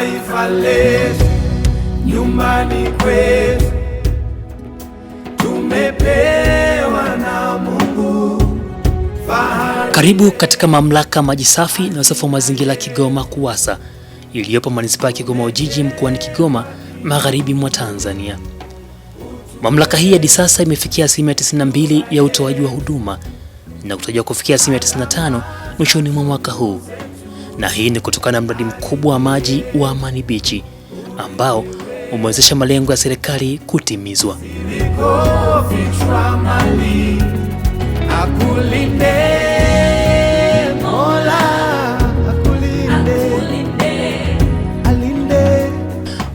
taifa letu, nyumbani kwetu tumepewa na Mungu. Karibu katika mamlaka maji safi na usafi wa mazingira Kigoma KUWASA iliyopo manispaa ya Kigoma Ujiji mkoani Kigoma magharibi mwa Tanzania. Mamlaka hii hadi sasa imefikia asilimia 92 ya utoaji wa huduma na kutajwa kufikia asilimia 95 mwishoni mwa mwaka huu na hii ni kutokana na mradi mkubwa wa maji wa Amani Beach ambao umewezesha malengo ya serikali kutimizwa.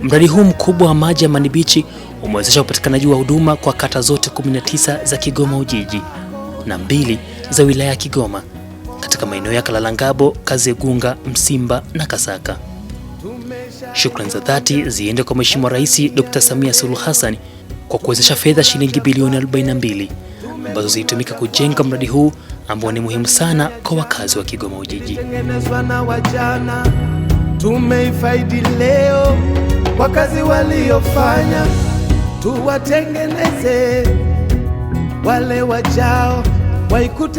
Mradi huu mkubwa wa maji ya Amani Beach umewezesha upatikanaji wa huduma kwa kata zote 19 za Kigoma Ujiji na mbili za wilaya ya Kigoma katika maeneo ya kalalangabo Kazegunga, Msimba na Kasaka. Shukrani za dhati ziende kwa Mheshimiwa Rais Dr. Samia Suluhu Hassan kwa kuwezesha fedha shilingi bilioni 42 ambazo zilitumika kujenga mradi huu ambao ni muhimu sana kwa wakazi wa Kigoma Ujiji. Tumeifaidi leo kwa kazi waliofanya, tuwatengeneze wale wajao.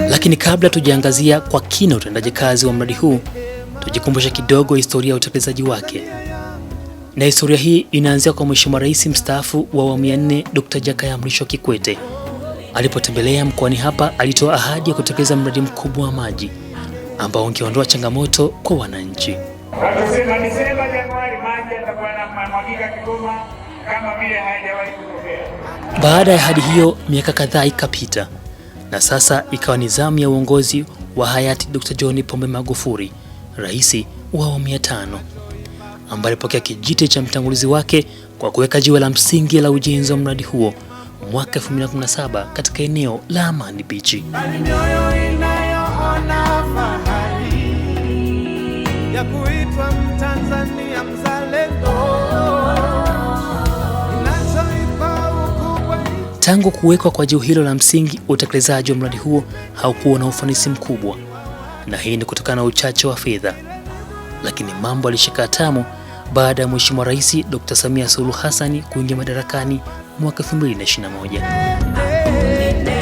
Lakini kabla tujaangazia kwa kina utendaji kazi wa mradi huu, tujikumbushe kidogo historia ya utekelezaji wake, na historia hii inaanzia kwa Mheshimiwa Rais mstaafu wa awamu ya nne Dkt. Jakaya Mrisho Kikwete alipotembelea mkoani hapa, alitoa ahadi ya kutekeleza mradi mkubwa wa maji ambao ungeondoa changamoto kwa wananchi. Akasema Desemba Januari maji yatakuwa yanamwagika Kigoma kama vile kutokea. Baada ya ahadi hiyo, miaka kadhaa ikapita na sasa ikawa ni zamu ya uongozi wa hayati Dr. John Pombe Magufuli, rais wa awamu ya tano, ambaye alipokea kijiti cha mtangulizi wake kwa kuweka jiwe la msingi la ujenzi wa mradi huo mwaka 2017 katika eneo la Amani Beach. Yaani ya kuitwa Mtanzania Tangu kuwekwa kwa jiwe hilo la msingi, utekelezaji wa mradi huo haukuwa na ufanisi mkubwa, na hii ni kutokana na uchache wa fedha. Lakini mambo alishika tamu baada ya Mheshimiwa Rais Dr. Samia Suluhu Hassan kuingia madarakani mwaka 2021.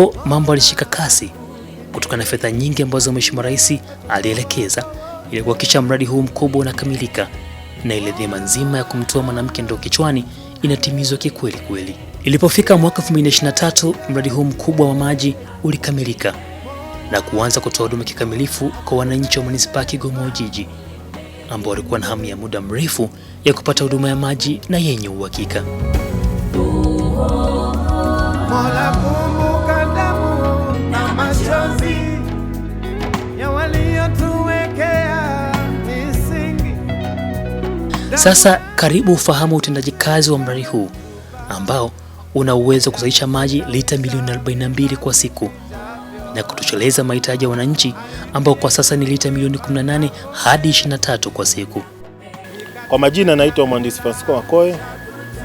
hapo mambo alishika kasi kutokana na fedha nyingi ambazo Mheshimiwa Rais alielekeza ili kuhakikisha mradi huu mkubwa unakamilika na ile dhima nzima ya kumtoa mwanamke ndoo kichwani inatimizwa kikweli kweli. Ilipofika mwaka 2023 mradi huu mkubwa wa maji ulikamilika na kuanza kutoa huduma kikamilifu kwa wananchi wa manispaa ya Kigoma Ujiji ambao walikuwa na hamu ya muda mrefu ya kupata huduma ya maji na yenye uhakika. Sasa karibu ufahamu utendaji kazi wa mradi huu ambao una uwezo wa kuzalisha maji lita milioni 42 kwa siku na kutosheleza mahitaji ya wananchi ambao kwa sasa ni lita milioni 18 hadi 23 kwa siku. Kwa majina, naitwa Mhandisi Francisco Makoe,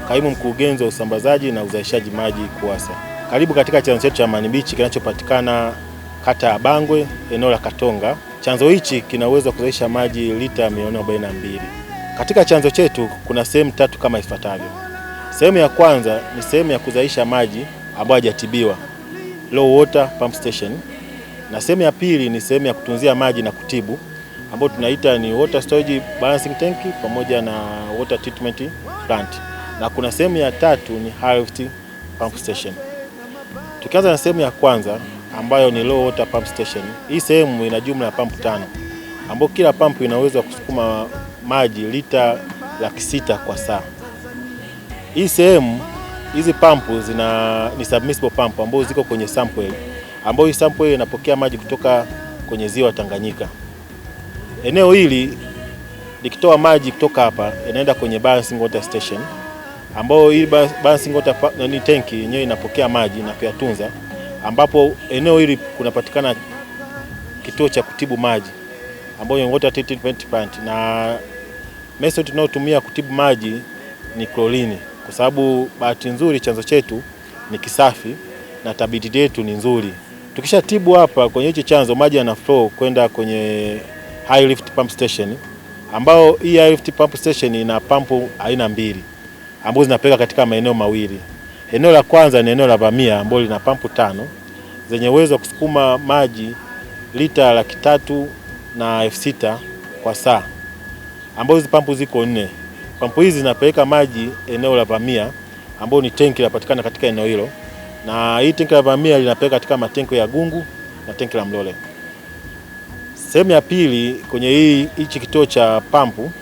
kaimu mkurugenzi wa usambazaji na uzalishaji maji KUWASA. Karibu katika chanzo chetu cha Amani Beach kinachopatikana kata ya Bangwe, eneo la Katonga. Chanzo hichi kina uwezo wa kuzalisha maji lita milioni 42. Katika chanzo chetu kuna sehemu tatu kama ifuatavyo. Sehemu ya kwanza ni sehemu ya kuzalisha maji ambayo hajatibiwa, low water pump station, na sehemu ya pili ni sehemu ya kutunzia maji na kutibu ambayo tunaita ni water storage balancing tank pamoja na water treatment plant, na kuna sehemu ya tatu ni harvest pump station. Tukianza na sehemu ya kwanza ambayo ni low water pump station, hii sehemu ina jumla ya pump tano ambayo kila pampu inaweza kusukuma maji lita laki sita kwa saa. Hii sehemu hizi pampu zina ni submersible pump ambazo ziko kwenye sample ambayo hii sample inapokea maji kutoka kwenye ziwa Tanganyika. Eneo hili likitoa maji kutoka hapa inaenda kwenye balancing water station ambayo hii balancing water ni tanki yenyewe inapokea maji na kuyatunza, ambapo eneo hili kunapatikana kituo cha kutibu maji ambayo ni water treatment plant na method tunayotumia kutibu maji ni klorini, kwa sababu bahati nzuri chanzo chetu ni kisafi na tabiti yetu ni nzuri. Tukishatibu hapa kwenye hicho chanzo, maji yana flow kwenda kwenye high lift pump station, ambao hii high lift pump station ina pampu aina mbili ambazo zinapeleka katika maeneo mawili. Eneo la kwanza ni eneo la Vamia ambalo lina pampu tano zenye uwezo wa kusukuma maji lita laki tatu na elfu sita kwa saa ambazo hizi pampu ziko nne. Pampu hizi zinapeleka maji eneo la Vamia ambayo ni tenki linapatikana katika eneo hilo, na hii tenki la Vamia linapeleka katika matenki ya Gungu na tenki la Mlole. Sehemu ya pili kwenye hii hichi kituo cha pampu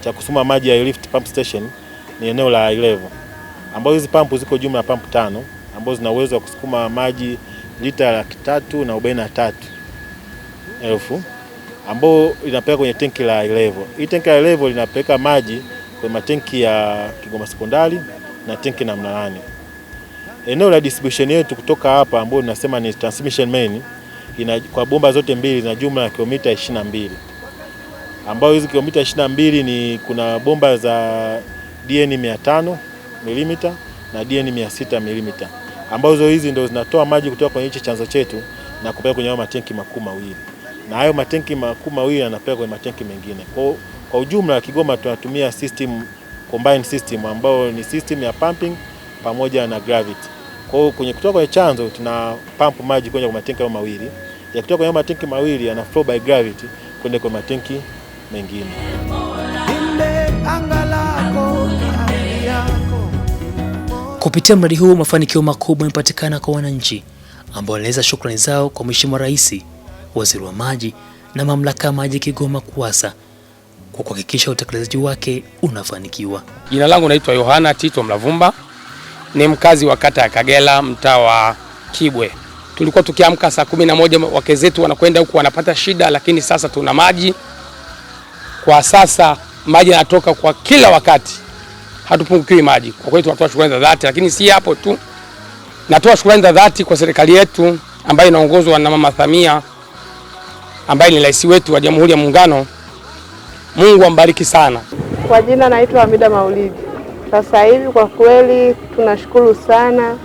cha kusuma maji ya lift pump station ni eneo la Ilevo, ambazo hizi pampu ziko jumla ya pampu tano ambazo zina uwezo wa kusukuma maji lita laki tatu na arobaini na tatu elfu ambao inapeleka kwenye tenki la elevo. Hii tenki la elevo linapeleka maji kwenye matenki ya Kigoma sekondari na tenki namna nane. Eneo la distribution yetu kutoka hapa ambao tunasema ni transmission main ina, kwa bomba zote mbili zina jumla ya kilomita 22 ambayo hizi kilomita 22 ni kuna bomba za DN 500 mm na DN 600 mm ambazo hizi ndio zinatoa maji kutoka kwenye hichi chanzo chetu na kupeleka kwenye matenki makuu mawili na hayo matenki makuu mawili yanapewa kwenye matenki mengine. Kwa, kwa ujumla Kigoma tunatumia system, combined system ambayo ni system ya pumping pamoja na gravity. Kwa hiyo kwenye kutoka kwenye chanzo tuna pump maji kwenye kwa matenki mawili yakitoka kwenye matenki mawili yana flow by gravity kwenda kwa matenki mengine. Kupitia mradi huu mafanikio makubwa yamepatikana kwa wananchi ambao wanaeleza shukrani zao kwa Mheshimiwa Rais waziri wa maji na mamlaka ya maji Kigoma KUWASA kwa kuhakikisha utekelezaji wake unafanikiwa. Jina langu naitwa Yohana Tito Mlavumba, ni mkazi wa kata ya Kagera, mtaa wa Kibwe. Tulikuwa tukiamka saa kumi na moja wake zetu wanakwenda huku wanapata shida, lakini sasa tuna maji. Kwa sasa maji yanatoka kwa kila wakati, hatupungukiwi maji. Kwa kweli tunatoa shukrani za dhati, lakini si hapo tu, natoa shukrani za dhati kwa serikali yetu ambayo inaongozwa na Mama Samia ambaye ni rais wetu wa Jamhuri ya Muungano. Mungu ambariki sana. Kwa jina naitwa Hamida Maulidi. Sasa hivi kwa kweli tunashukuru sana,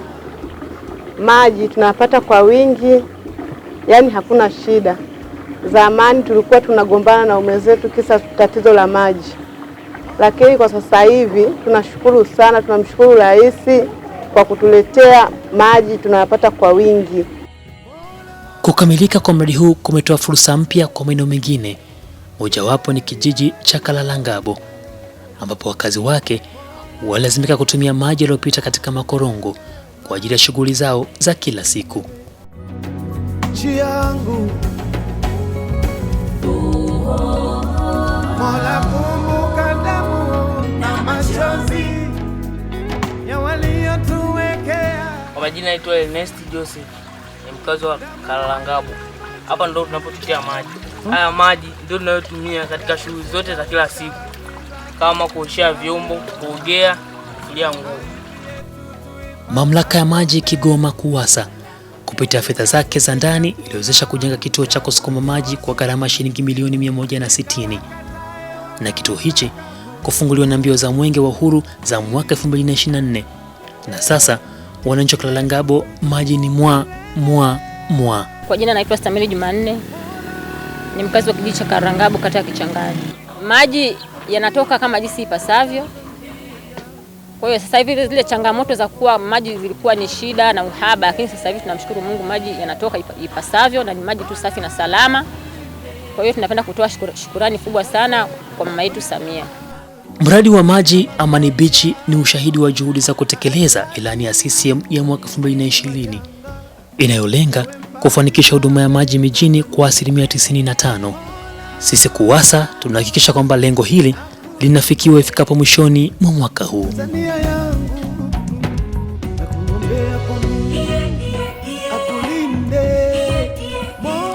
maji tunapata kwa wingi, yaani hakuna shida. Zamani tulikuwa tunagombana na ume zetu kisa tatizo la maji, lakini kwa sasa hivi tunashukuru sana, tunamshukuru rais kwa kutuletea maji tunayapata kwa wingi. Kukamilika kwa mradi huu kumetoa fursa mpya kwa maeneo mengine, mojawapo ni kijiji cha Kalalangabo ambapo wakazi wake walazimika kutumia maji yaliyopita katika makorongo kwa ajili ya shughuli zao za kila siku. Nchi yangu Mola, kumbuka damu na machozi ya waliotuwekea. Kwa majina Ernest Joseph wakazi wa Kalangabu. Hapa ndo tunapotutia maji. Haya maji ndio tunayotumia katika shughuli zote za kila siku kama kuoshea vyombo, kuogea, kufulia nguo. Mamlaka ya maji Kigoma KUWASA kupitia fedha zake za ndani iliwezesha kujenga kituo cha kusukuma maji kwa gharama shilingi milioni 160 na kituo hichi kufunguliwa na mbio za mwenge wa uhuru za mwaka 2024 na sasa wananchi wa Kalangabo maji ni mwa mwa mwa. Kwa jina naitwa Stamili Jumanne, ni mkazi wa kijiji cha Karangabu, kata ya Kichangani. Maji yanatoka kama jinsi ipasavyo. Kwa hiyo sasa hivi zile changamoto za kuwa maji zilikuwa ni shida na uhaba, lakini sasa hivi tunamshukuru Mungu, maji yanatoka ipasavyo na ni maji tu safi na salama. Kwa hiyo tunapenda kutoa shukurani kubwa sana kwa mama yetu Samia. Mradi wa maji Amani Bichi ni ushahidi wa juhudi za kutekeleza ilani ya CCM ya mwaka 2020 inayolenga kufanikisha huduma ya maji mijini kwa asilimia 95. Sisi KUWASA tunahakikisha kwamba lengo hili linafikiwa ifikapo mwishoni mwa mwaka huu.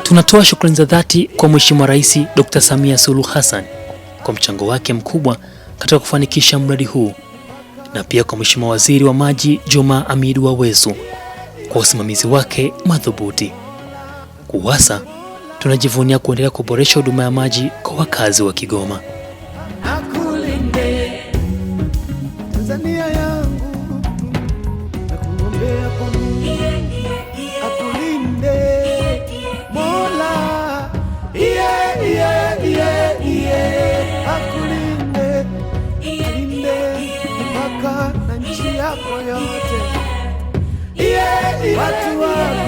Tunatoa shukrani za dhati kwa Mheshimiwa Rais Dr. Samia Suluhu Hassan kwa mchango wake mkubwa katika kufanikisha mradi huu na pia kwa Mheshimiwa Waziri wa Maji Juma Amidu wawezu kwa usimamizi wake madhubuti. KUWASA tunajivunia kuendelea kuboresha huduma ya maji kwa wakazi wa Kigoma. Watu wa